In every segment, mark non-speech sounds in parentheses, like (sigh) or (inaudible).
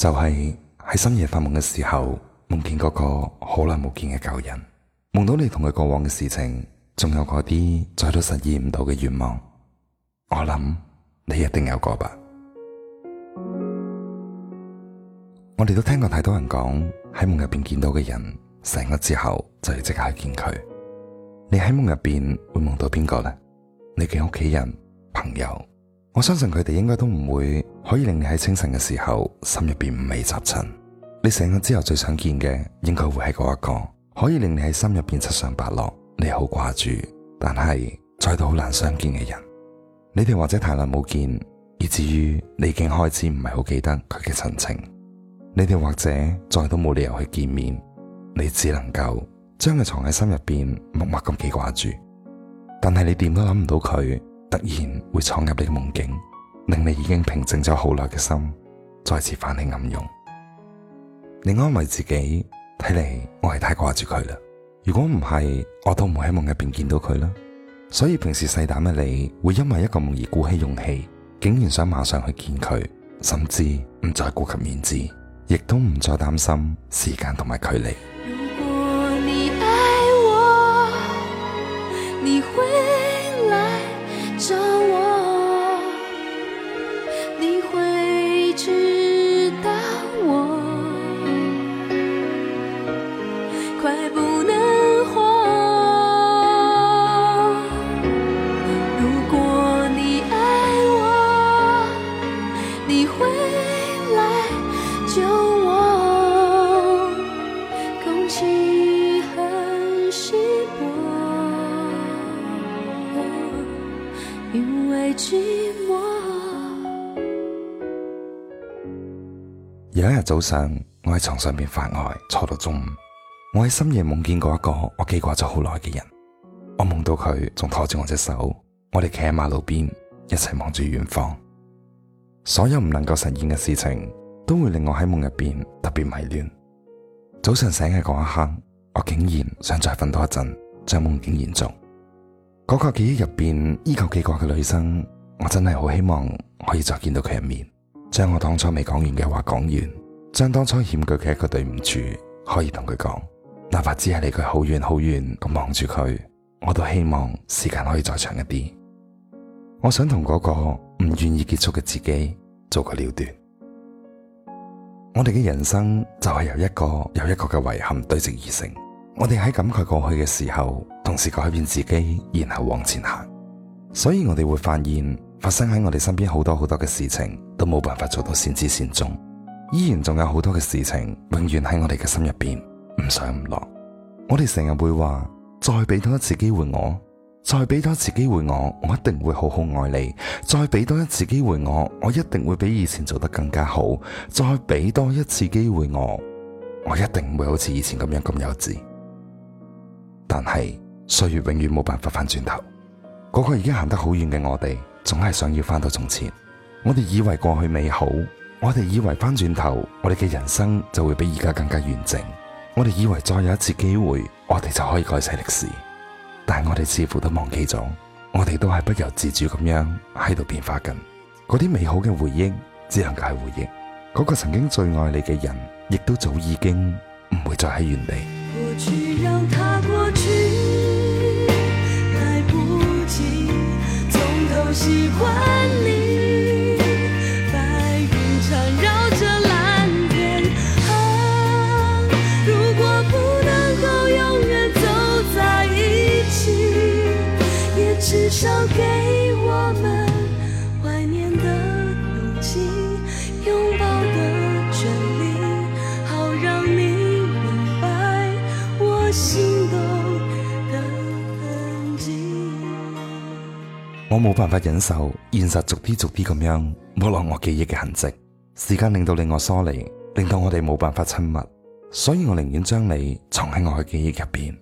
就係喺深夜發夢嘅時候，夢見嗰個好耐冇見嘅舊人，夢到你同佢過往嘅事情，仲有嗰啲再都實現唔到嘅願望，我諗你一定有一個吧。我哋都聽過太多人講，喺夢入邊見到嘅人，醒咗之後就要即刻去見佢。你喺夢入邊會夢到邊個呢？你嘅屋企人、朋友？我相信佢哋應該都唔會可以令你喺清晨嘅時候心入邊五味雜陳。你醒咗之後最想見嘅應該會係嗰一個，可以令你喺心入邊七上八落。你好掛住，但係再都好難相見嘅人。你哋或者太耐冇見，以至於你已經開始唔係好記得佢嘅神情。你哋或者再都冇理由去見面，你只能夠將佢藏喺心入邊，默默咁記掛住。但係你點都諗唔到佢。突然會闖入你嘅夢境，令你已經平靜咗好耐嘅心再次泛起暗湧。你安慰自己：睇嚟我係太掛住佢啦。如果唔係，我都唔會喺夢入邊見到佢啦。所以平時細膽嘅你會因為一個夢而鼓起勇氣，竟然想馬上去見佢，甚至唔再顧及面子，亦都唔再擔心時間同埋距離。如果你愛我，你會有一日早上，我喺床上邊發呆，坐到中午。我喺深夜夢見過一個我記掛咗好耐嘅人，我夢到佢仲拖住我隻手，我哋企喺馬路邊，一齊望住遠方。所有唔能夠實現嘅事情，都會令我喺夢入邊特別迷戀。早晨醒嘅嗰一刻，我竟然想再瞓多一陣，將夢境延續。嗰個記憶入邊依舊記掛嘅女生，我真係好希望可以再見到佢一面，將我當初未講完嘅話講完，將當初欠佢嘅一個對唔住可以同佢講，哪怕只係離佢好遠好遠咁望住佢，我都希望時間可以再長一啲，我想同嗰個唔願意結束嘅自己做個了斷。我哋嘅人生就係由一個又一個嘅遺憾堆積而成。我哋喺感慨過去嘅時候，同時改變自己，然後往前行。所以我哋會發現，發生喺我哋身邊好多好多嘅事情，都冇辦法做到善始善終。依然仲有好多嘅事情，永遠喺我哋嘅心入邊唔上唔落。我哋成日會話，再俾多一次機會我，再俾多一次機會我，我一定會好好愛你。再俾多一次機會我，我一定會比以前做得更加好。再俾多一次機會我，我一定唔會好似以前咁樣咁幼稚。但係歲月永遠冇辦法翻轉頭，嗰個已經行得好遠嘅我哋，總係想要翻到從前。我哋以為過去美好，我哋以為翻轉頭，我哋嘅人生就會比而家更加完整。我哋以為再有一次機會，我哋就可以改寫歷史。但係我哋似乎都忘記咗，我哋都係不由自主咁樣喺度變化緊。嗰啲美好嘅回憶，只能夠係回憶。嗰個曾經最愛你嘅人，亦都早已經唔會再喺原地。喜歡你。我冇辦法忍受現實逐啲逐啲咁樣抹落我記憶嘅痕迹，時間令到你我疏離，令到我哋冇辦法親密，所以我寧願將你藏喺我嘅記憶入邊。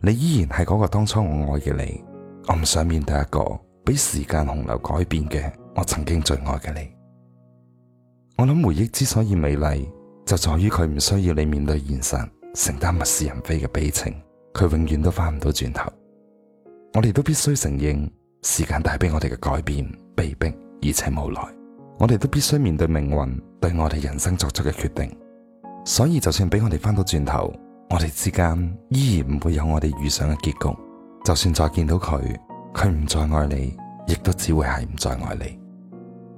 你依然係嗰個當初我愛嘅你，我唔想面對一個俾時間洪流改變嘅我曾經最愛嘅你。我諗回憶之所以美麗，就在於佢唔需要你面對現實，承擔物是人非嘅悲情，佢永遠都翻唔到轉頭。我哋都必須承認。時間帶俾我哋嘅改變，被迫而且無奈，我哋都必須面對命運對我哋人生作出嘅決定。所以，就算俾我哋翻到轉頭，我哋之間依然唔會有我哋預想嘅結局。就算再見到佢，佢唔再愛你，亦都只會係唔再愛你。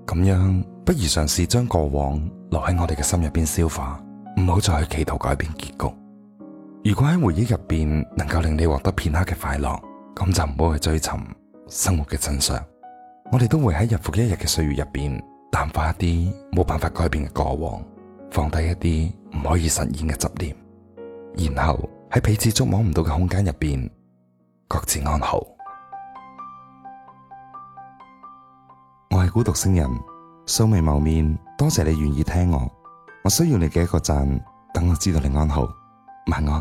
咁樣，不如嘗試將過往留喺我哋嘅心入邊消化，唔好再去企圖改變結局。如果喺回憶入邊能夠令你獲得片刻嘅快樂，咁就唔好去追尋。生活嘅真相，我哋都會喺日復一日嘅歲月入邊淡化一啲冇辦法改變嘅過往，放低一啲唔可以實現嘅執念，然後喺彼此觸摸唔到嘅空間入邊，各自安好。 (music) 我係孤獨星人，素未謀面，多謝你願意聽我，我需要你嘅一個讚，等我知道你安好，晚安。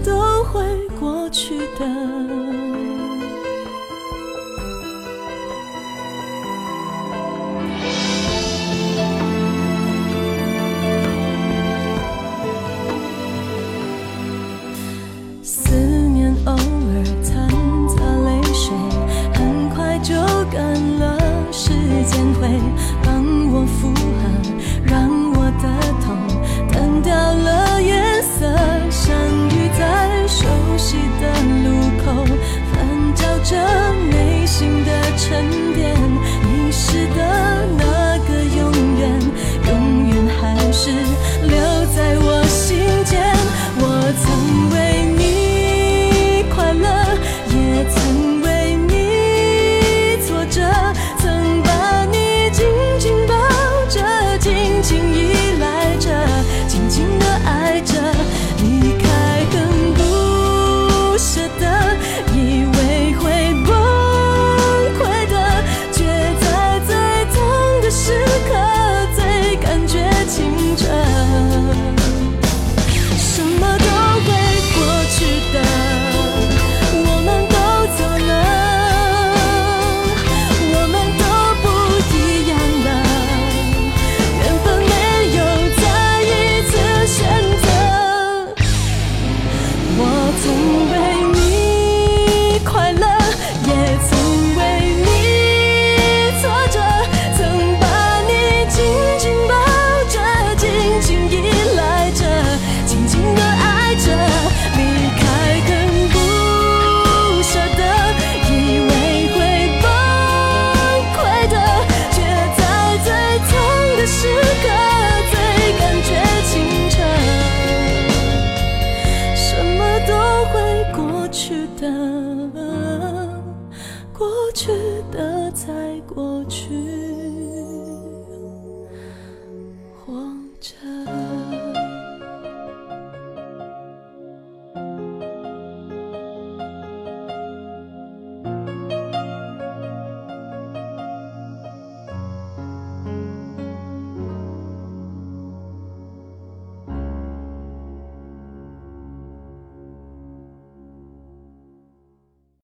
都會過去的。